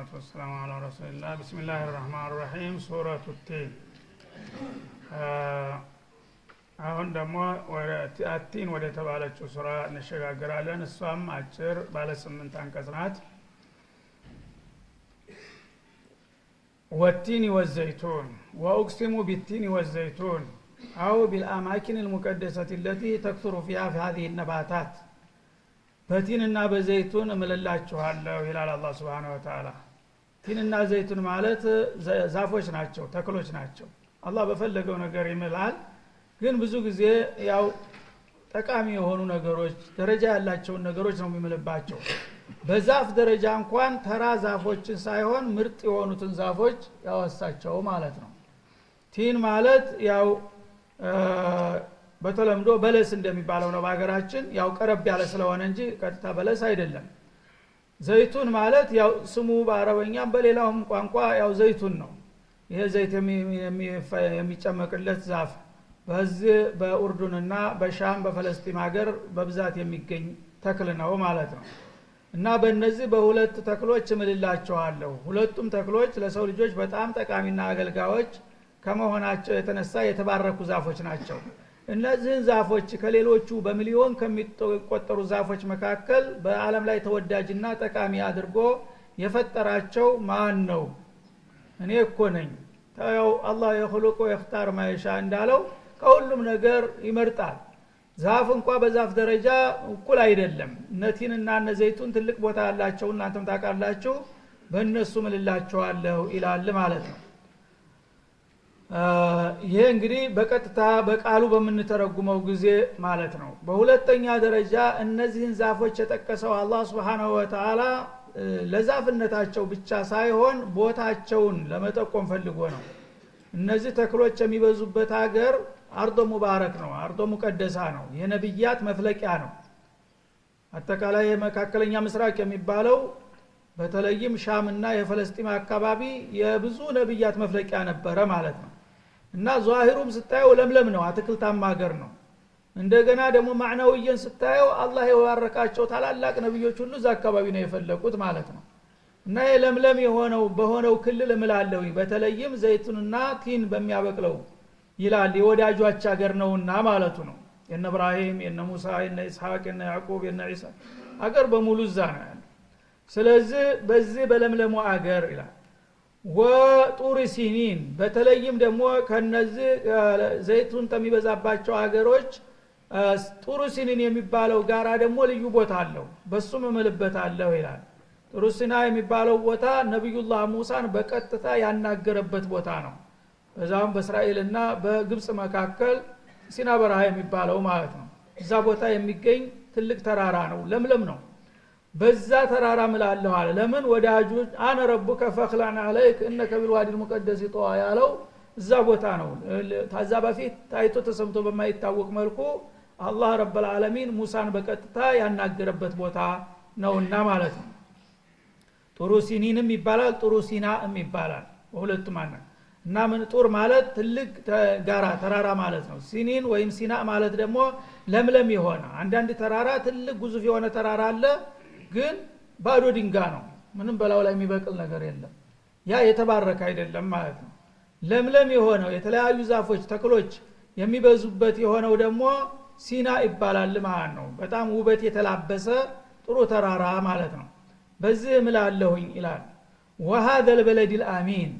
والصلاة والسلام على رسول الله بسم الله الرحمن الرحيم سورة التين አሁን ደግሞ አቲን ወደ ተባለችው ሱራ እንሸጋግራለን እሷም አጭር ባለ ስምንት አንቀጽ ናት ወቲን ወዘይቱን ወኡቅሲሙ ቢቲን ወዘይቱን አው ቢልአማኪን ልሙቀደሰት ለቲ ተክቱሩ ፊሃ ፊ ሀዚህ ነባታት በቲንና በዘይቱን እምልላችኋለሁ ይላል አላ ስብን ወተላ ቲንና ዘይቱን ማለት ዛፎች ናቸው ተክሎች ናቸው አላህ በፈለገው ነገር ይምላል ግን ብዙ ጊዜ ያው ጠቃሚ የሆኑ ነገሮች ደረጃ ያላቸውን ነገሮች ነው የሚምልባቸው በዛፍ ደረጃ እንኳን ተራ ዛፎችን ሳይሆን ምርጥ የሆኑትን ዛፎች ያወሳቸው ማለት ነው ቲን ማለት ያው በተለምዶ በለስ እንደሚባለው ነው በሀገራችን ያው ቀረብ ያለ ስለሆነ እንጂ ቀጥታ በለስ አይደለም ዘይቱን ማለት ያው ስሙ በአረበኛም በሌላውም ቋንቋ ያው ዘይቱን ነው ይሄ ዘይት የሚጨመቅለት ዛፍ በዚህ በኡርዱንና በሻም በፈለስጢን ሀገር በብዛት የሚገኝ ተክል ነው ማለት ነው እና በእነዚህ በሁለት ተክሎች እምልላቸዋለሁ ሁለቱም ተክሎች ለሰው ልጆች በጣም ጠቃሚና አገልጋዮች ከመሆናቸው የተነሳ የተባረኩ ዛፎች ናቸው እነዚህን ዛፎች ከሌሎቹ በሚሊዮን ከሚቆጠሩ ዛፎች መካከል በአለም ላይ ተወዳጅና ጠቃሚ አድርጎ የፈጠራቸው ማን ነው እኔ እኮ ነኝ ያው አላህ የክልቆ የክታር ማየሻ እንዳለው ከሁሉም ነገር ይመርጣል ዛፍ እንኳ በዛፍ ደረጃ እኩል አይደለም እነቲን እና እነዘይቱን ትልቅ ቦታ ያላቸው እናንተም ታውቃላችሁ በእነሱ ምልላቸዋለሁ ይላል ማለት ነው ይሄ እንግዲህ በቀጥታ በቃሉ በምንተረጉመው ጊዜ ማለት ነው በሁለተኛ ደረጃ እነዚህን ዛፎች የጠቀሰው አላህ ስብሓናሁ ወተላ ለዛፍነታቸው ብቻ ሳይሆን ቦታቸውን ለመጠቆም ፈልጎ ነው እነዚህ ተክሎች የሚበዙበት ሀገር አርዶ ሙባረክ ነው አርዶ ሙቀደሳ ነው የነብያት መፍለቂያ ነው አጠቃላይ የመካከለኛ ምስራቅ የሚባለው በተለይም ሻምና የፈለስጢን አካባቢ የብዙ ነብያት መፍለቂያ ነበረ ማለት ነው እና ዛሂሩም ስታየው ለምለም ነው አትክልታማ ሀገር ነው እንደገና ደግሞ ማዕናዊየን ስታየው አላህ የባረካቸው ታላላቅ ነቢዮች ሁሉ እዛ አካባቢ ነው የፈለቁት ማለት ነው እና የለምለም የሆነው በሆነው ክልል እምላለሁ በተለይም ዘይቱንና ቲን በሚያበቅለው ይላል የወዳጆች ሀገር ነውና ማለቱ ነው የነ እብራሂም የነ ሙሳ የነ ኢስሐቅ የነ ያዕቁብ የነ ዒሳ አገር በሙሉ እዛ ነው ያለ ስለዚህ በዚህ በለምለሙ አገር ይላል ወጡር ሲኒን በተለይም ደግሞ ከነዚህ ዘይቱን ከሚበዛባቸው ሀገሮች ጡር ሲኒን የሚባለው ጋራ ደግሞ ልዩ ቦታ አለው በሱም እምልበታለሁ ይላል ጡር ሲና የሚባለው ቦታ ነቢዩላህ ሙሳን በቀጥታ ያናገረበት ቦታ ነው በዛም በእስራኤልና በግብፅ መካከል ሲና በረሃ የሚባለው ማለት ነው እዛ ቦታ የሚገኝ ትልቅ ተራራ ነው ለምለም ነው በዛ ተራራ ምላለሁ አለ ለምን ወዳጁ አነ ረቡከ ፈክላን አለይክ እነከ ቢልዋዲ ልሙቀደስ ጠዋ ያለው እዛ ቦታ ነው ታዛ በፊት ታይቶ ተሰምቶ በማይታወቅ መልኩ አላህ ረብልዓለሚን ሙሳን በቀጥታ ያናገረበት ቦታ ነውና ማለት ነው ጥሩ ሲኒንም ይባላል ጥሩ ሲናም ይባላል በሁለቱም አና እና ምን ጡር ማለት ትልቅ ጋራ ተራራ ማለት ነው ሲኒን ወይም ሲና ማለት ደግሞ ለምለም የሆነ አንዳንድ ተራራ ትልቅ ጉዙፍ የሆነ ተራራ አለ ግን ባዶ ድንጋ ነው ምንም በላው ላይ የሚበቅል ነገር የለም ያ የተባረከ አይደለም ማለት ነው ለምለም የሆነው የተለያዩ ዛፎች ተክሎች የሚበዙበት የሆነው ደግሞ ሲና ይባላል ማለት ነው በጣም ውበት የተላበሰ ጥሩ ተራራ ማለት ነው በዚህ ምላለሁኝ ይላል ወሀዘ ልበለድ ልአሚን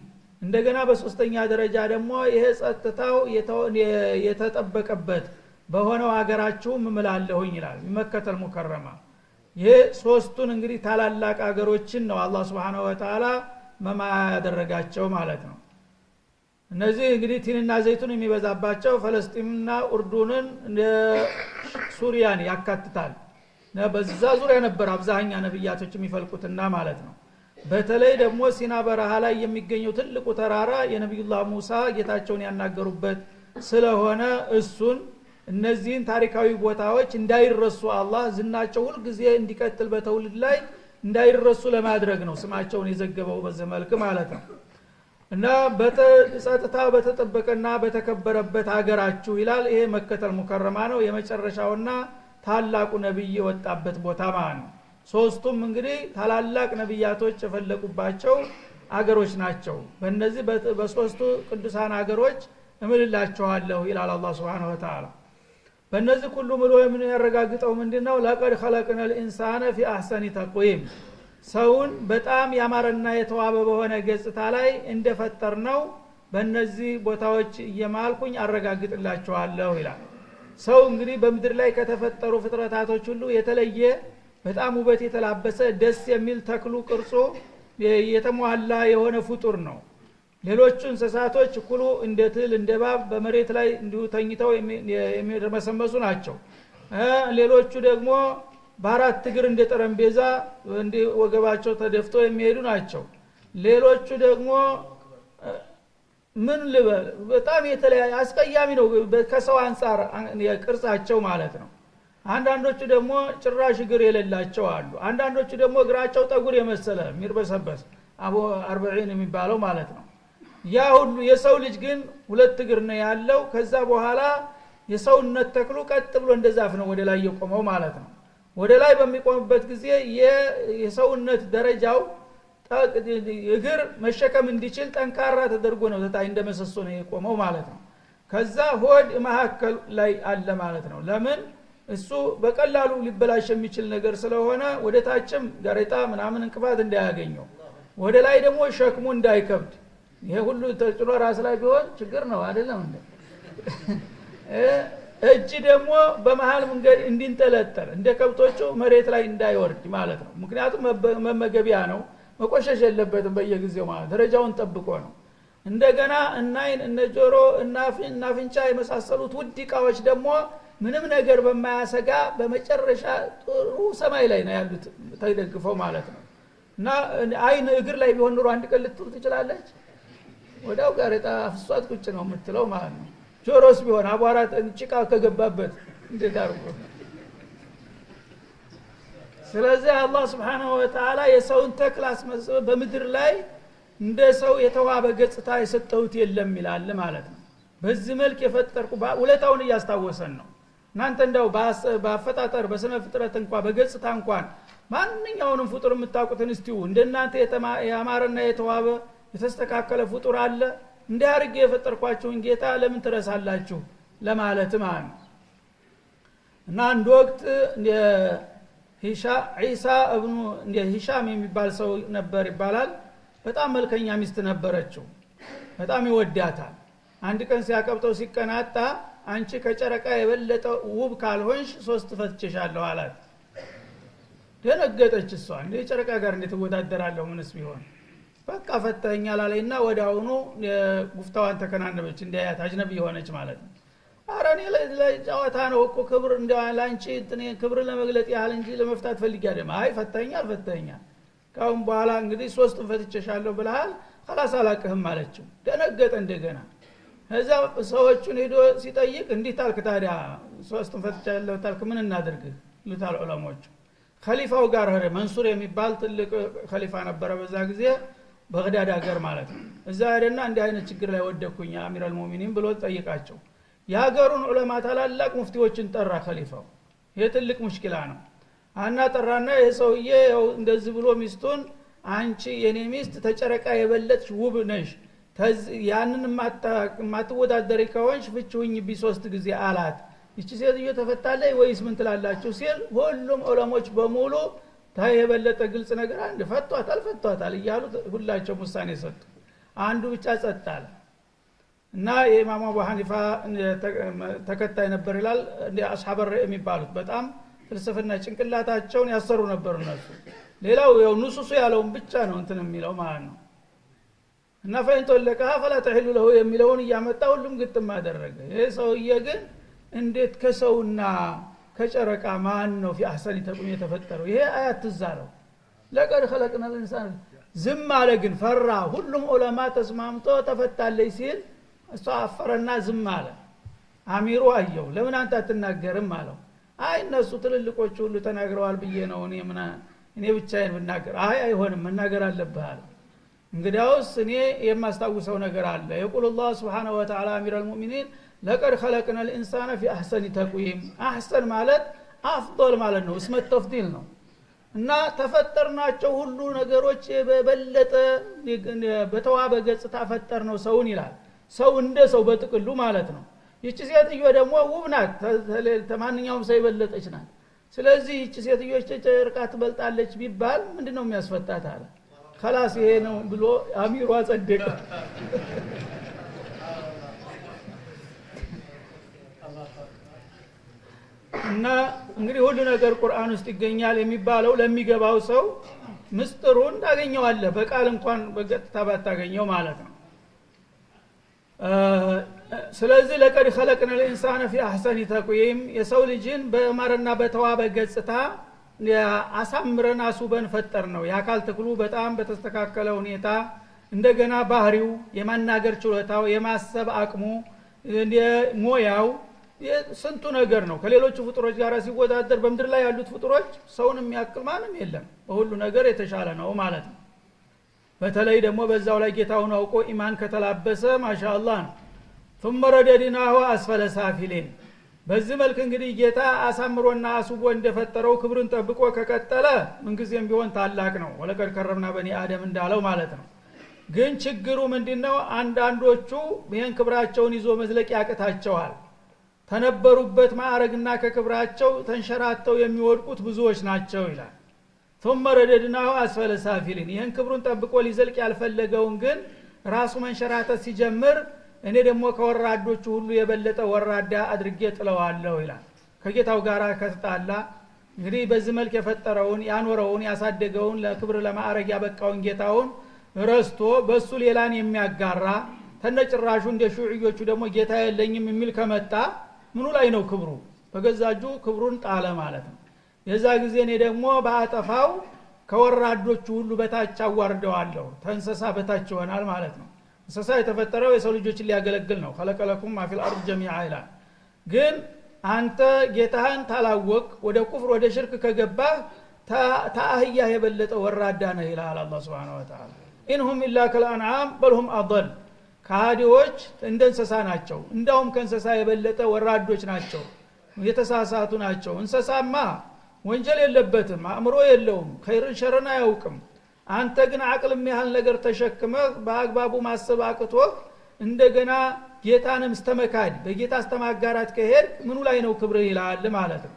እንደገና በሶስተኛ ደረጃ ደግሞ ይሄ ጸጥታው የተጠበቀበት በሆነው አገራችሁም ምላለሁኝ ይላል ይመከተል ሙከረማ ይህ ሶስቱን እንግዲህ ታላላቅ አገሮችን ነው አላ ስብሓናሁ ወተላ መማያ ያደረጋቸው ማለት ነው እነዚህ እንግዲህ ቲንና ዘይቱን የሚበዛባቸው ፈለስጢንና ኡርዱንን ሱሪያን ያካትታል በዛ ዙሪያ ነበር አብዛኛ ነብያቶች የሚፈልቁትና ማለት ነው በተለይ ደግሞ ሲና በረሃ ላይ የሚገኘው ትልቁ ተራራ የነቢዩላህ ሙሳ ጌታቸውን ያናገሩበት ስለሆነ እሱን እነዚህን ታሪካዊ ቦታዎች እንዳይረሱ አላህ ዝናቸው ሁልጊዜ እንዲቀጥል በተውልድ ላይ እንዳይረሱ ለማድረግ ነው ስማቸውን የዘገበው በዚህ መልክ ማለት ነው እና ጸጥታ በተጠበቀና በተከበረበት አገራችሁ ይላል ይሄ መከተል ሙከረማ ነው የመጨረሻውና ታላቁ ነቢይ የወጣበት ቦታ ማለት ነው ሶስቱም እንግዲህ ታላላቅ ነቢያቶች የፈለቁባቸው አገሮች ናቸው በእነዚህ በሶስቱ ቅዱሳን አገሮች እምልላችኋለሁ ይላል አላ ስብን ተላ በእነዚህ ሁሉ ምሎ የምንያረጋግጠው ምንድን ነው ለቀድ ከለቅነ ልኢንሳነ ፊ አሰኒ ተቅዊም ሰውን በጣም ያማረና የተዋበ በሆነ ገጽታ ላይ እንደፈጠር ነው በእነዚህ ቦታዎች እየማልኩኝ አረጋግጥላችኋለሁ ይላል ሰው እንግዲህ በምድር ላይ ከተፈጠሩ ፍጥረታቶች ሁሉ የተለየ በጣም ውበት የተላበሰ ደስ የሚል ተክሉ ቅርጾ የተሟላ የሆነ ፍጡር ነው ሌሎቹ እንስሳቶች ኩሉ እንደ ትል እንደ ባብ በመሬት ላይ እንዲሁ ተኝተው የሚርመሰመሱ ናቸው ሌሎቹ ደግሞ በአራት እግር እንደ ጠረጴዛ እንዲህ ወገባቸው ተደፍቶ የሚሄዱ ናቸው ሌሎቹ ደግሞ ምን ልበል በጣም የተለያየ አስቀያሚ ነው ከሰው አንጻር ቅርጻቸው ማለት ነው አንዳንዶቹ ደግሞ ጭራሽ እግር የሌላቸው አሉ አንዳንዶቹ ደግሞ እግራቸው ጠጉር የመሰለ ሚርበሰበስ አቦ አርበዒን የሚባለው ማለት ነው ያ ሁሉ የሰው ልጅ ግን ሁለት እግር ነው ያለው ከዛ በኋላ የሰውነት ተክሉ ቀጥ ብሎ እንደ ዛፍ ነው ወደ ላይ የቆመው ማለት ነው ወደ ላይ በሚቆምበት ጊዜ የሰውነት ደረጃው እግር መሸከም እንዲችል ጠንካራ ተደርጎ ነው ተታይ እንደ መሰሶ ነው የቆመው ማለት ነው ከዛ ሆድ መካከል ላይ አለ ማለት ነው ለምን እሱ በቀላሉ ሊበላሽ የሚችል ነገር ስለሆነ ወደ ታችም ጋሬጣ ምናምን እንቅፋት እንዳያገኘው ወደ ላይ ደግሞ ሸክሙ እንዳይከብድ ይሄ ሁሉ ተጭሎ ራስ ላይ ቢሆን ችግር ነው አይደለም እንደ እጅ ደግሞ በመሀል መንገድ እንዲንጠለጠል እንደ ከብቶቹ መሬት ላይ እንዳይወርድ ማለት ነው። ምክንያቱም መመገቢያ ነው፣ መቆሸሽ የለበትም በየጊዜው ማለት ደረጃውን ጠብቆ ነው። እንደገና እናይን አይን እነ ጆሮ እና ፍንጫ የመሳሰሉት ውድ እቃዎች ደግሞ ምንም ነገር በማያሰጋ በመጨረሻ ጥሩ ሰማይ ላይ ነው ያሉት ተደግፈው ማለት ነው። እና አይን እግር ላይ ቢሆን ኑሮ አንድ ቀን ልትውል ትችላለች። ወዳው ጋሬጣ አፍሷት ቁጭ ነው የምትለው ማለት ነው። ጆሮስ ቢሆን አቧራ ጭቃ ከገባበት እንዴት አርጎ ስለዚህ አላህ ስብሓናሁ ወተላ የሰውን ተክል አስመጽበ በምድር ላይ እንደ ሰው የተዋበ ገጽታ የሰጠሁት የለም ይላል ማለት ነው። በዚህ መልክ የፈጠርኩ ውለታውን እያስታወሰን ነው። እናንተ እንዳው በአፈጣጠር በስነ ፍጥረት እንኳ በገጽታ እንኳን ማንኛውንም ፍጡር የምታውቁትን እስቲው እንደናንተ ያማረና የተዋበ የተስተካከለ ፍጡር አለ እንዲህ አርጌ የፈጠርኳቸውን ጌታ ለምን ትረሳላችሁ ለማለት ማለት ነው እና አንድ ወቅት ሳ እብኑ ሂሻም የሚባል ሰው ነበር ይባላል በጣም መልከኛ ሚስት ነበረችው በጣም ይወዳታል አንድ ቀን ሲያቀብጠው ሲቀናጣ አንቺ ከጨረቃ የበለጠ ውብ ካልሆንሽ ሶስት ፈትችሻለሁ አላት ደነገጠች እሷ እንደ ጨረቃ ጋር እንዴት እወዳደራለሁ ምንስ ቢሆን በቃ ፈተኛል ና ወደ አሁኑ ጉፍታዋን ተከናነበች እንዲ ያት አጅነቢ የሆነች ማለት ነው አረ እኔ ለጨዋታ ነው እኮ ክብር እንደ ለአንቺ ክብር ለመግለጥ ያህል እንጂ ለመፍታት ፈልጌ አይደለም አይ ፈተኛል ፈተኛል ካሁን በኋላ እንግዲህ ሶስቱን ፈትቼሻለሁ ብልሃል ከላስ አላቅህም አለችው ደነገጠ እንደገና እዛ ሰዎቹን ሄዶ ሲጠይቅ እንዲህ ታልክ ታዲያ ሶስቱን ፈትቻለሁ ታልክ ምን እናድርግህ ልታል ዑለሞቹ ከሊፋው ጋር ሄደ መንሱር የሚባል ትልቅ ከሊፋ ነበረ በዛ ጊዜ በግዳድ ሀገር ማለት ነው እዛ ሄደና እንዲህ አይነት ችግር ላይ ወደኩኝ አሚራል ሙሚኒን ብሎ ጠይቃቸው የሀገሩን ዑለማ ታላላቅ ሙፍቲዎችን ጠራ ከሊፋው ይሄ ትልቅ ሙሽኪላ ነው አና ጠራና ይህ ሰውዬ እንደዚህ ብሎ ሚስቱን አንቺ የኔ ሚስት ተጨረቃ የበለጥሽ ውብ ነሽ ያንን የማትወዳደሪ ከሆንሽ ፍችሁኝ ቢ ሶስት ጊዜ አላት ይቺ ሴትዮ ተፈታለይ ወይስ ምን ትላላችሁ ሲል ሁሉም ዑለሞች በሙሉ ታይ የበለጠ ግልጽ ነገር አንድ ፈቷታል ፈቷታል እያሉ ሁላቸውም ውሳኔ ሰጡ አንዱ ብቻ ጸጣል እና የኢማሙ አቡ ሐኒፋ ተከታይ ነበር ይላል አስሐበ የሚባሉት በጣም ፍልስፍና ጭንቅላታቸውን ያሰሩ ነበር እነሱ ሌላው ያው ንሱሱ ያለውን ብቻ ነው እንትን የሚለው ማለት ነው እና ፈይን ፈላ ተሒሉ ለሁ የሚለውን እያመጣ ሁሉም ግጥም አደረገ ይህ ሰውዬ ግን እንዴት ከሰውና ከጨረቃ ማን ነው ፊ አሰኒ ተቁም የተፈጠረው ይሄ አያት ትዛ ነው ለቀድ ከለቅነ ልንሳን ዝም አለ ግን ፈራ ሁሉም ዑለማ ተስማምቶ ተፈታለች ሲል እሷ አፈረና ዝም አለ አሚሩ አየው ለምን አንተ አትናገርም አለው አይ እነሱ ትልልቆቹ ሁሉ ተናግረዋል ብዬ ነው እኔ ምና እኔ ብቻዬን ብናገር አይ አይሆንም መናገር አለብህ አለ እንግዲያውስ እኔ የማስታውሰው ነገር አለ የቁል ላህ ስብሓንሁ ወተላ አሚር አልሙእሚኒን ለቀድ ኸለቅነ ልኢንሳነ ፊ አሕሰን ተቁይም አሕሰን ማለት አፍዶል ማለት ነው እስመ ተፍዲል ነው እና ተፈጠርናቸው ሁሉ ነገሮች በበለጠ በተዋበ ገጽታ ፈጠር ነው ሰውን ይላል ሰው እንደ ሰው በጥቅሉ ማለት ነው ይቺ ሴትዮ ደግሞ ውብ ናት ማንኛውም ሰው የበለጠች ናት ስለዚህ ይቺ ሴትዮ ጨርቃ ትበልጣለች ቢባል ምንድን ነው የሚያስፈታት አለ ከላስ ይሄ ነው ብሎ አሚሩ አጸደቀ እና እንግዲህ ሁሉ ነገር ቁርአን ውስጥ ይገኛል የሚባለው ለሚገባው ሰው ምስጥሩን ታገኘዋለህ በቃል እንኳን በቀጥታ ባታገኘው ማለት ነው ስለዚህ ለቀድ ከለቅን ልኢንሳን ፊ አሕሰኒ ተቁይም የሰው ልጅን በማረና በተዋበ ገጽታ አሳምረን አሱበን ፈጠር ነው የአካል ትክሉ በጣም በተስተካከለ ሁኔታ እንደገና ባህሪው የማናገር ችሎታው የማሰብ አቅሙ ሞያው ስንቱ ነገር ነው ከሌሎቹ ፍጡሮች ጋር ሲወዳደር በምድር ላይ ያሉት ፍጡሮች ሰውን የሚያክል ማንም የለም በሁሉ ነገር የተሻለ ነው ማለት ነው በተለይ ደግሞ በዛው ላይ ጌታውን አውቆ ኢማን ከተላበሰ ማሻአላ ነው ثم ረደድናሁ አስፈለ ሳፊሌን በዚህ መልክ እንግዲህ ጌታ አሳምሮና አስቦ እንደፈጠረው ክብርን ጠብቆ ከቀጠለ ምንጊዜም ቢሆን ታላቅ ነው ወለቀድ ከረምና በኒ አደም እንዳለው ማለት ነው ግን ችግሩ ምንድነው አንዳንዶቹ ይህን ክብራቸውን ይዞ መዝለቅ ያቅታቸዋል ተነበሩበት ማዕረግና ከክብራቸው ተንሸራተው የሚወድቁት ብዙዎች ናቸው ይላል ቱመ ረደድናሁ አስፈለ ሳፊሊን ይህን ክብሩን ጠብቆ ሊዘልቅ ያልፈለገውን ግን ራሱ መንሸራተት ሲጀምር እኔ ደግሞ ከወራዶቹ ሁሉ የበለጠ ወራዳ አድርጌ ጥለዋለሁ ይላል ከጌታው ጋር ከተጣላ እንግዲህ በዚህ መልክ የፈጠረውን ያኖረውን ያሳደገውን ለክብር ለማዕረግ ያበቃውን ጌታውን ረስቶ በእሱ ሌላን የሚያጋራ ተነጭራሹ እንደ ሹዕዮቹ ደግሞ ጌታ የለኝም የሚል ከመጣ ምኑ ላይ ነው ክብሩ በገዛ እጁ ክብሩን ጣለ ማለት ነው የዛ ጊዜ እኔ ደግሞ በአጠፋው ከወራዶቹ ሁሉ በታች አዋርደዋለሁ ተንሰሳ በታች ይሆናል ማለት ነው እንሰሳ የተፈጠረው የሰው ልጆችን ሊያገለግል ነው ከለቀለኩም ማፊል አርድ ጀሚዓ ይላል ግን አንተ ጌታህን ታላወቅ ወደ ኩፍር ወደ ሽርክ ከገባህ ተአህያህ የበለጠ ወራዳ ነህ ይላል አላ ስብን ወተላ ኢንሁም ኢላ ከልአንዓም በልሁም አል ከሃዲዎች እንደ እንሰሳ ናቸው እንዳውም ከእንሰሳ የበለጠ ወራዶች ናቸው የተሳሳቱ ናቸው እንሰሳማ ወንጀል የለበትም አእምሮ የለውም ከይርን ሸረን አያውቅም አንተ ግን አቅልም ያህል ነገር ተሸክመህ በአግባቡ ማሰብ አቅቶህ እንደገና ጌታንም ስተመካድ በጌታ ስተማጋራት ከሄድ ምኑ ላይ ነው ክብር ይላል ማለት ነው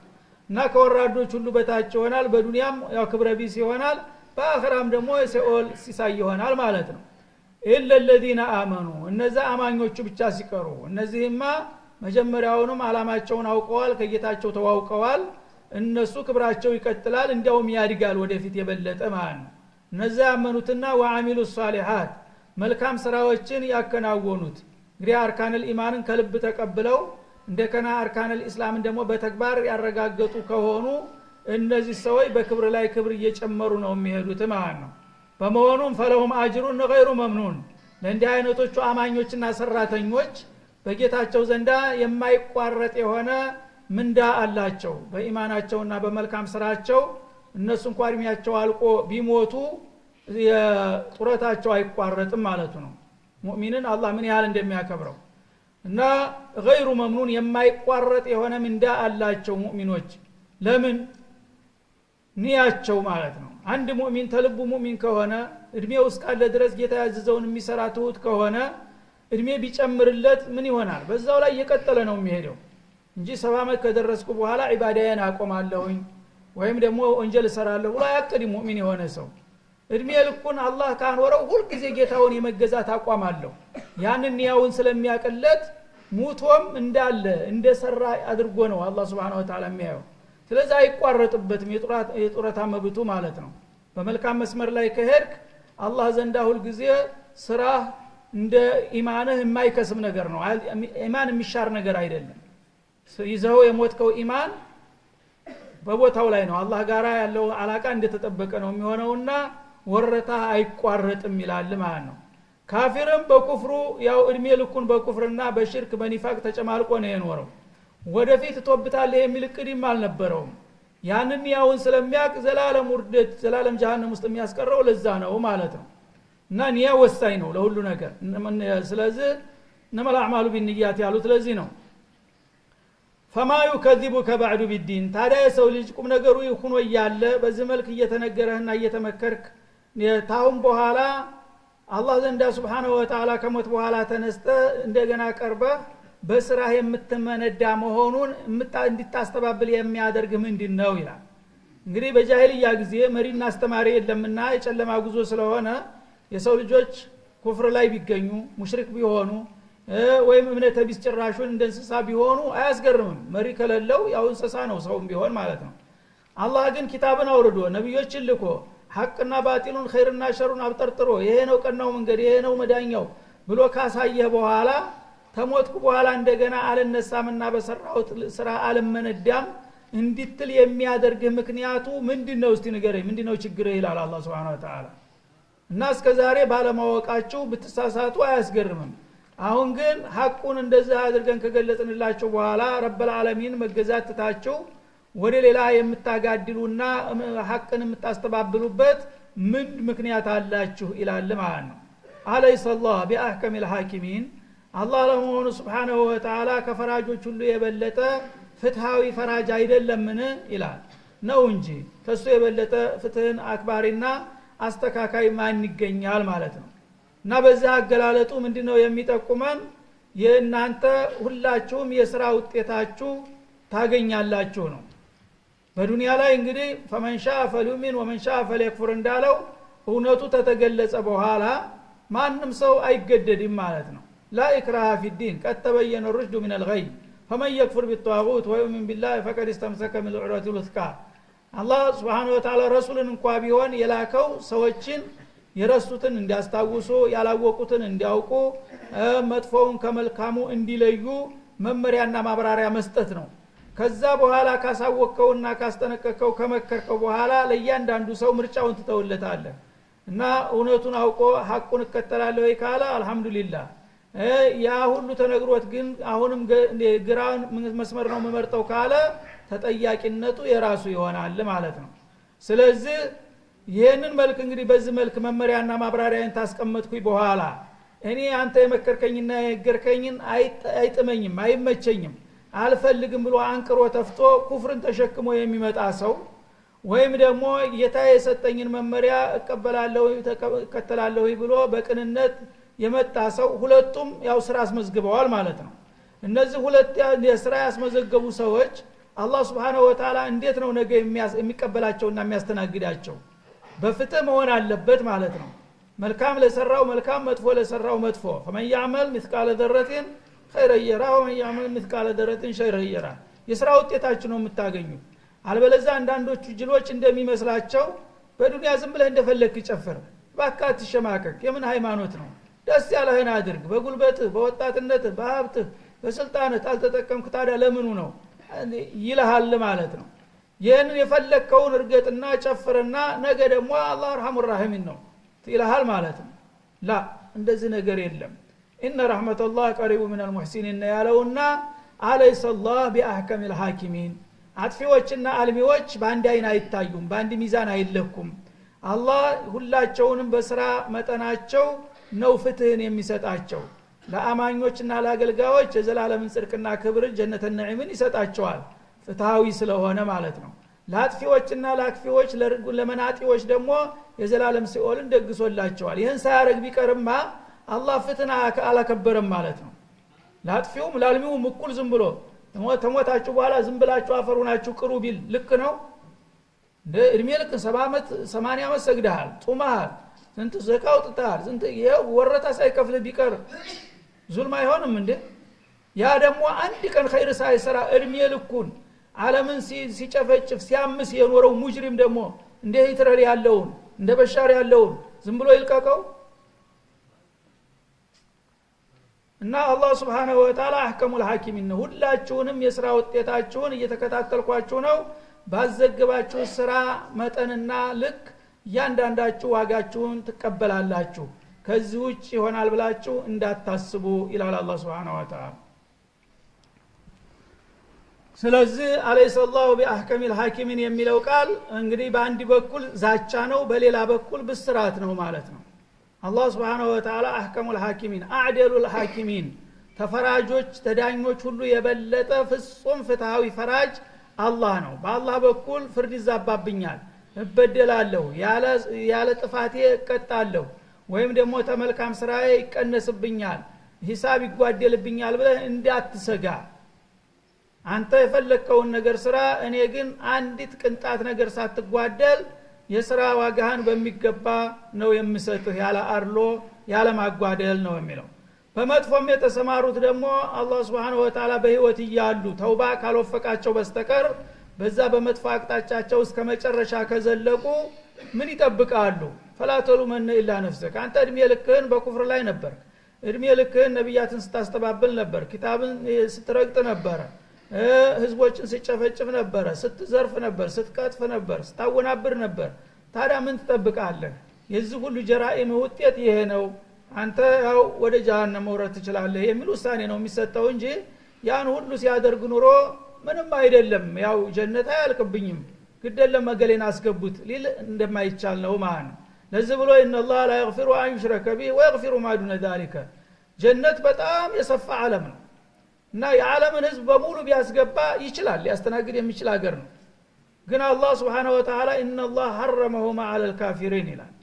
እና ከወራዶች ሁሉ በታች ይሆናል በዱንያም ያው ክብረ ቢስ ይሆናል በአኸራም ደግሞ የሴኦል ሲሳይ ይሆናል ማለት ነው ኢለ ለዚነ አመኑ እነዛ አማኞቹ ብቻ ሲቀሩ እነዚህማ መጀመሪያውንም አላማቸውን አውቀዋል ከጌታቸው ተዋውቀዋል እነሱ ክብራቸው ይቀጥላል እንዲያውም ያድጋል ወደፊት የበለጠ ማለት ነው እነዛ ያመኑትና ወአሚሉ ሷሊሓት መልካም ስራዎችን ያከናወኑት እንግዲህ አርካነል ኢማንን ከልብ ተቀብለው እንደከና አርካነል ኢስላምን ደግሞ በተግባር ያረጋገጡ ከሆኑ እነዚህ ሰዎች በክብር ላይ ክብር እየጨመሩ ነው የሚሄዱት ማለት ነው በመሆኑም ፈለሁም አጅሩን ገይሩ መምኑን ለእንዲህ አይነቶቹ አማኞችና ሰራተኞች በጌታቸው ዘንዳ የማይቋረጥ የሆነ ምንዳ አላቸው በኢማናቸውና በመልካም ስራቸው እነሱ እንኳ እድሜያቸው አልቆ ቢሞቱ ጡረታቸው አይቋረጥም ማለቱ ነው ሙእሚንን አላህ ምን ያህል እንደሚያከብረው እና ገይሩ መምኑን የማይቋረጥ የሆነ ምንዳ አላቸው ሙእሚኖች ለምን ንያቸው ማለት ነው አንድ ሙእሚን ተልቡ ሙእሚን ከሆነ እድሜው እስካለ ድረስ ጌታ ያዝዘውን የሚሰራ ትሁት ከሆነ እድሜ ቢጨምርለት ምን ይሆናል በዛው ላይ እየቀጠለ ነው የሚሄደው እንጂ ሰባ ዓመት ከደረስኩ በኋላ ዒባዳያን አቆማለሁኝ ወይም ደግሞ ወንጀል እሰራለሁ ብሎ አያቅድ ሙእሚን የሆነ ሰው እድሜ ልኩን አላህ ካኖረው ሁልጊዜ ጌታውን የመገዛት አቋም አለው ያንን ንያውን ስለሚያቅለት ሙቶም እንዳለ እንደሰራ አድርጎ ነው አላ ስብን ተላ የሚያየው ስለዚህ አይቋረጥበትም የጡረታ መብቱ ማለት ነው በመልካም መስመር ላይ ከሄድክ አላህ ዘንዳ ሁልጊዜ ስራ እንደ ኢማንህ የማይከስም ነገር ነው ኢማን የሚሻር ነገር አይደለም ይዘው የሞትከው ኢማን በቦታው ላይ ነው አላህ ጋር ያለው አላቃ እንደተጠበቀ ነው የሚሆነውና ወረታ አይቋረጥም ይላል ማለት ነው ካፊርም በኩፍሩ ያው እድሜ ልኩን በኩፍርና በሽርክ በኒፋቅ ተጨማልቆ ነው የኖረው ወደፊት እጦብታለህ የሚል እቅድም አልነበረውም ያንን ያውን ስለሚያቅ ዘላለም ውርደት ዘላለም ጃሃንም ውስጥ የሚያስቀረው ለዛ ነው ማለት ነው እና ኒያ ወሳኝ ነው ለሁሉ ነገር ስለዚህ እነመል አዕማሉ ቢንያት ያሉት ለዚህ ነው ፈማ ዩከዚቡ ከባዕዱ ቢዲን ታዲያ የሰው ልጅ ቁም ነገሩ ይሁኖ እያለ በዚህ መልክ እየተነገረህና እየተመከርክ ታሁን በኋላ አላህ ዘንዳ ስብሓነሁ ወተላ ከሞት በኋላ ተነስተ እንደገና ቀርበህ በስራህ የምትመነዳ መሆኑን እንድታስተባብል የሚያደርግ ምንድን ነው ይላል እንግዲህ በጃሂልያ ጊዜ መሪና አስተማሪ የለምና የጨለማ ጉዞ ስለሆነ የሰው ልጆች ኩፍር ላይ ቢገኙ ሙሽሪክ ቢሆኑ ወይም እምነተ ቢስ ጭራሹን እንደ እንስሳ ቢሆኑ አያስገርምም መሪ ከሌለው ያው እንስሳ ነው ሰውም ቢሆን ማለት ነው አላህ ግን ኪታብን አውርዶ ነቢዮችን ልኮ ሀቅና ባጢሉን ኸይርና ሸሩን አብጠርጥሮ ይሄ ነው ቀናው መንገድ ይሄ ነው መዳኛው ብሎ ካሳየ በኋላ ተሞትኩ በኋላ እንደገና አልነሳምና በሰራሁት ስራ አልመነዳም እንዲትል የሚያደርግህ ምክንያቱ ምንድን ነው እስቲ ንገረኝ ምንድ ነው ችግርህ ይላል አላ ስብን ተላ እና እስከ ዛሬ ባለማወቃችሁ ብትሳሳቱ አያስገርምም አሁን ግን ሀቁን እንደዚህ አድርገን ከገለጽንላችሁ በኋላ ረበልዓለሚን መገዛት ትታችሁ ወደ ሌላ የምታጋድሉና ሀቅን የምታስተባብሉበት ምን ምክንያት አላችሁ ይላል ማለት ነው አለይሰ ላህ ቢአህከም ልሐኪሚን አላህ ለመሆኑ ስብሓናሁ ወተላ ከፈራጆች ሁሉ የበለጠ ፍትሃዊ ፈራጅ አይደለምን ይላል ነው እንጂ ከሱ የበለጠ ፍትህን አክባሪና አስተካካይ ማን ይገኛል ማለት ነው እና በዚህ አገላለጡ ምንድ ነው የሚጠቁመን የእናንተ ሁላችሁም የስራ ውጤታችሁ ታገኛላችሁ ነው በዱንያ ላይ እንግዲህ ፈመንሻ ፈሉሚን ወመንሻ ፈሌክፉር እንዳለው እውነቱ ተተገለጸ በኋላ ማንም ሰው አይገደድም ማለት ነው ላኢክራሃ ፊዲን ቀድ ተበየነ ሩሽዱ ምን አልገይ ፈመን የክፍር ቢጠዋቁት ወዩምን ቢላህ ፈቀድ እስተምሰከ ሚልዑረት ልውስቃ አላህ ስብሓን ወተላ ረሱልን እንኳ ቢሆን የላከው ሰዎችን የረሱትን እንዲያስታውሱ ያላወቁትን እንዲያውቁ መጥፎውን ከመልካሙ እንዲለዩ መመሪያና ማብራሪያ መስጠት ነው ከዛ በኋላ ካሳወቅከውና ካስጠነቀቀው ከመከርከው በኋላ ለእያንዳንዱ ሰው ምርጫውን ትተውለታለህ እና እውነቱን አውቆ ሀቁን እከተላለሁ ወይ ካለ አልሐምዱሊላህ ያ ሁሉ ተነግሮት ግን አሁንም ግራን መስመር ነው የምመርጠው ካለ ተጠያቂነቱ የራሱ ይሆናል ማለት ነው ስለዚህ ይህንን መልክ እንግዲህ በዚህ መልክ መመሪያና ማብራሪያን ታስቀመጥኩኝ በኋላ እኔ አንተ የመከርከኝና የነገርከኝን አይጥመኝም አይመቸኝም አልፈልግም ብሎ አንቅሮ ተፍቶ ኩፍርን ተሸክሞ የሚመጣ ሰው ወይም ደግሞ ጌታ የሰጠኝን መመሪያ እቀበላለሁ እከተላለሁ ብሎ በቅንነት የመጣ ሰው ሁለቱም ያው ስራ አስመዝግበዋል ማለት ነው እነዚህ ሁለት የስራ ያስመዘገቡ ሰዎች አላህ ስብሓነ ወተላ እንዴት ነው ነገ የሚቀበላቸውና የሚያስተናግዳቸው በፍትህ መሆን አለበት ማለት ነው መልካም ለሰራው መልካም መጥፎ ለሰራው መጥፎ ፈመን ያዕመል ምትቃለ ደረትን ኸይረየራ የራ ወመን ምትቃለ ደረትን ሸይረየራ የስራ ውጤታችሁ ነው የምታገኙ አልበለዛ አንዳንዶቹ ጅሎች እንደሚመስላቸው በዱንያ ዝም ብለህ እንደፈለግ ጨፍር ባካ ትሸማቀቅ የምን ሃይማኖት ነው ደስ ያለህን አድርግ በጉልበትህ በወጣትነትህ በሀብትህ በስልጣንህ ታልተጠቀምክ ታዲያ ለምኑ ነው ይልሃል ማለት ነው ይህንን የፈለግከውን እርገጥና ጨፍርና ነገ ደግሞ አላህ አርሐሙ ራሒሚን ነው ይልሃል ማለት ነው ላ እንደዚህ ነገር የለም ኢነ ረሕመተላህ ቀሪቡ ምን አልሙሕሲኒን ያለውና አለይሰ ላህ ቢአህከም ልሐኪሚን አጥፊዎችና አልሚዎች በአንድ አይን አይታዩም በአንድ ሚዛን አይለኩም አላህ ሁላቸውንም በስራ መጠናቸው ነው ፍትህን የሚሰጣቸው ለአማኞችና ለአገልጋዮች የዘላለምን ጽድቅና ክብር ጀነተን ነዒምን ይሰጣቸዋል ፍትሐዊ ስለሆነ ማለት ነው ለአጥፊዎችና ለአክፊዎች ለመናጢዎች ደግሞ የዘላለም ሲኦልን ደግሶላቸዋል ይህን ሳያደረግ ቢቀርማ አላህ ፍትህን አላከበረም ማለት ነው ለአጥፊውም ላልሚውም እኩል ዝም ብሎ ተሞታችሁ በኋላ ዝም ብላችሁ አፈር ቅሩ ቢል ልክ ነው እድሜ ልክ ሰባ ዓመት ሰማኒያ ዓመት ሰግደሃል ጡመሃል ስንት ዘካ አውጥተሃል፣ ስንት ወረታ ሳይከፍል ቢቀር ዙልም አይሆንም እንዴ? ያ ደግሞ አንድ ቀን ኸይር ሳይሰራ እድሜ ልኩን አለምን ሲጨፈጭፍ ሲያምስ የኖረው ሙጅሪም ደግሞ እንደ ሂትለር ያለውን እንደ በሻር ያለውን ዝም ብሎ ይልቀቀው እና አላህ ስብሓነሁ ወተዓላ አህከሙል ሐኪሚን ሁላችሁንም የስራ ውጤታችሁን እየተከታተልኳችሁ ነው። ባዘግባችሁ ስራ መጠንና ልክ እያንዳንዳችሁ ዋጋችሁን ትቀበላላችሁ ከዚህ ውጭ ይሆናል ብላችሁ እንዳታስቡ ይላል አላ ስብን ወተላ ስለዚህ አለይሰ ላሁ ቢአህከሚል ሐኪሚን የሚለው ቃል እንግዲህ በአንድ በኩል ዛቻ ነው በሌላ በኩል ብስራት ነው ማለት ነው አላ ስብን ወተላ አህከሙ ልሐኪሚን አዕደሉ ልሐኪሚን ተፈራጆች ተዳኞች ሁሉ የበለጠ ፍጹም ፍትሃዊ ፈራጅ አላህ ነው በአላህ በኩል ፍርድ ይዛባብኛል እበደላለሁ ያለ ጥፋቴ እቀጣለሁ ወይም ደግሞ ተመልካም ስራዬ ይቀነስብኛል ሂሳብ ይጓደልብኛል ብለህ እንዳትሰጋ አንተ የፈለግከውን ነገር ስራ እኔ ግን አንዲት ቅንጣት ነገር ሳትጓደል የስራ ዋጋህን በሚገባ ነው የምሰጥህ ያለ አርሎ ያለ ማጓደል ነው የሚለው በመጥፎም የተሰማሩት ደግሞ አላህ ስብን ወተላ በህይወት እያሉ ተውባ ካልወፈቃቸው በስተቀር በዛ በመጥፎ አቅጣጫቸው እስከ መጨረሻ ከዘለቁ ምን ይጠብቃሉ ፈላተሉ መነ ኢላ ነፍሰክ አንተ እድሜ ልክህን በኩፍር ላይ ነበር እድሜ ልክህን ነቢያትን ስታስተባብል ነበር ኪታብን ስትረግጥ ነበረ ህዝቦችን ስጨፈጭፍ ነበረ ስትዘርፍ ነበር ስትቀጥፍ ነበር ስታወናብር ነበር ታዲያ ምን ትጠብቃለህ የዚህ ሁሉ ጀራኢም ውጤት ይሄ ነው አንተ ያው ወደ ጃሃነ መውረድ ትችላለህ የሚል ውሳኔ ነው የሚሰጠው እንጂ ያን ሁሉ ሲያደርግ ኑሮ ምንም አይደለም ያው ጀነት አያልቅብኝም ግደለም መገሌን አስገቡት ሊል እንደማይቻል ነው ማለት ነው ለዚህ ብሎ ኢነላህ ላ የግፊሩ አን ዩሽረከ ቢህ ወየግፊሩ ማዱነ ዛሊከ ጀነት በጣም የሰፋ ዓለም ነው እና የዓለምን ህዝብ በሙሉ ቢያስገባ ይችላል ሊያስተናግድ የሚችል ሀገር ነው ግን አላህ ስብሓነ ወተላ ኢነላህ ሐረመሁማ አለ ልካፊሪን ይላል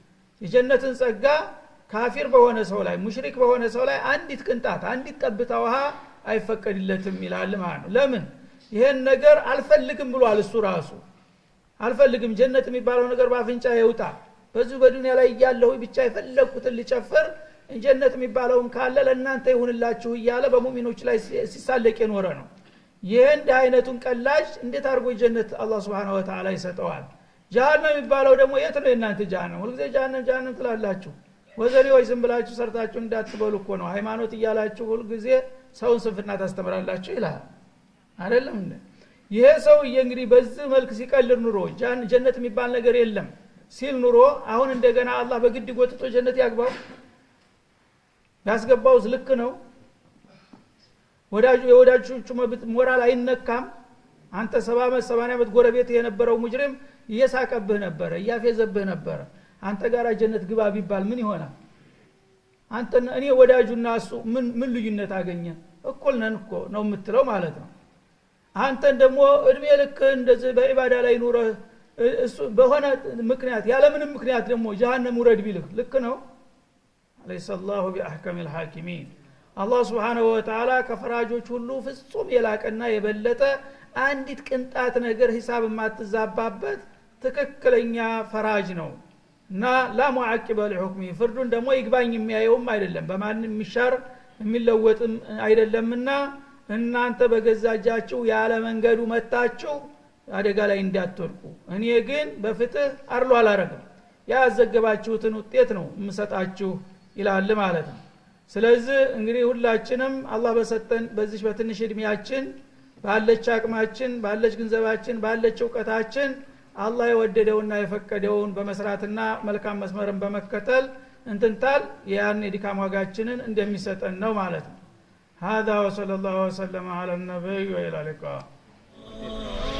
የጀነትን ጸጋ ካፊር በሆነ ሰው ላይ ሙሽሪክ በሆነ ሰው ላይ አንዲት ቅንጣት አንዲት ጠብታ ውሃ አይፈቀድለትም ይላል ማለት ነው ለምን ይሄን ነገር አልፈልግም ብሏል እሱ ራሱ አልፈልግም ጀነት የሚባለው ነገር በአፍንጫ የውጣ በዚሁ በዱኒያ ላይ እያለሁ ብቻ የፈለግኩትን ልጨፍር ጀነት የሚባለውም ካለ ለእናንተ ይሁንላችሁ እያለ በሙሚኖች ላይ ሲሳለቅ የኖረ ነው ይህ እንዲህ አይነቱን ቀላጅ እንዴት አድርጎ ጀነት አላ ስብን ወተላ ይሰጠዋል ጃሃንም የሚባለው ደግሞ የት ነው የእናንተ ጃሃንም ሁልጊዜ ጃሃንም ጃሃንም ትላላችሁ ወዘኔዎች ዝም ብላችሁ ሰርታችሁ እንዳትበሉ እኮ ነው ሃይማኖት እያላችሁ ሁልጊዜ ሰውን ስንፍና ታስተምራላችሁ ይላል። አይደለም ይሄ ሰውዬ እንግዲህ በዚህ መልክ ሲቀልር ኑሮ ጀነት የሚባል ነገር የለም ሲል ኑሮ አሁን እንደገና አላህ በግድ ጎትቶ ጀነት ያግባው ያስገባውስ ልክ ነው ወዳጁ የወዳጆቹ ሞራል አይነካም አንተ ሰባ ዓመት ሰባኒ ዓመት ጎረቤት የነበረው ሙጅሪም እየሳቀብህ ነበረ እያፌዘብህ ነበረ አንተ ጋር ጀነት ግባ ቢባል ምን ይሆናል አንተ እኔ ወዳጁና እሱ ምን ልዩነት አገኘ እኩል ነን እኮ ነው የምትለው ማለት ነው አንተን ደግሞ እድሜ ልክ እንደዚህ በኢባዳ ላይ ኑረህ በሆነ ምክንያት ያለምንም ምክንያት ደግሞ ጀሃነም ውረድ ቢልህ ልክ ነው አለይሰ ላሁ ቢአሕከም ልሐኪሚን አላህ ስብሓንሁ ወተላ ከፈራጆች ሁሉ ፍጹም የላቀና የበለጠ አንዲት ቅንጣት ነገር ሂሳብ የማትዛባበት ትክክለኛ ፈራጅ ነው እና ላሙዓቂበ ሊሑክሚ ፍርዱን ደግሞ ይግባኝ የሚያየውም አይደለም በማንም የሚሻር የሚለወጥም አይደለምና እናንተ በገዛጃችሁ ያለ መንገዱ መታችሁ አደጋ ላይ እንዳትወድቁ እኔ ግን በፍትህ አርሎ አላረግም ያዘገባችሁትን ውጤት ነው የምሰጣችሁ ይላል ማለት ነው ስለዚህ እንግዲህ ሁላችንም አላህ በሰጠን በዚህ በትንሽ እድሜያችን ባለች አቅማችን ባለች ገንዘባችን ባለች እውቀታችን አላህ የወደደውና የፈቀደውን በመስራትና መልካም መስመርን በመከተል እንትንታል ያን የድካም ዋጋችንን እንደሚሰጠን ነው ማለት ነው هذا وصلى الله وسلم على النبي وإلى اللقاء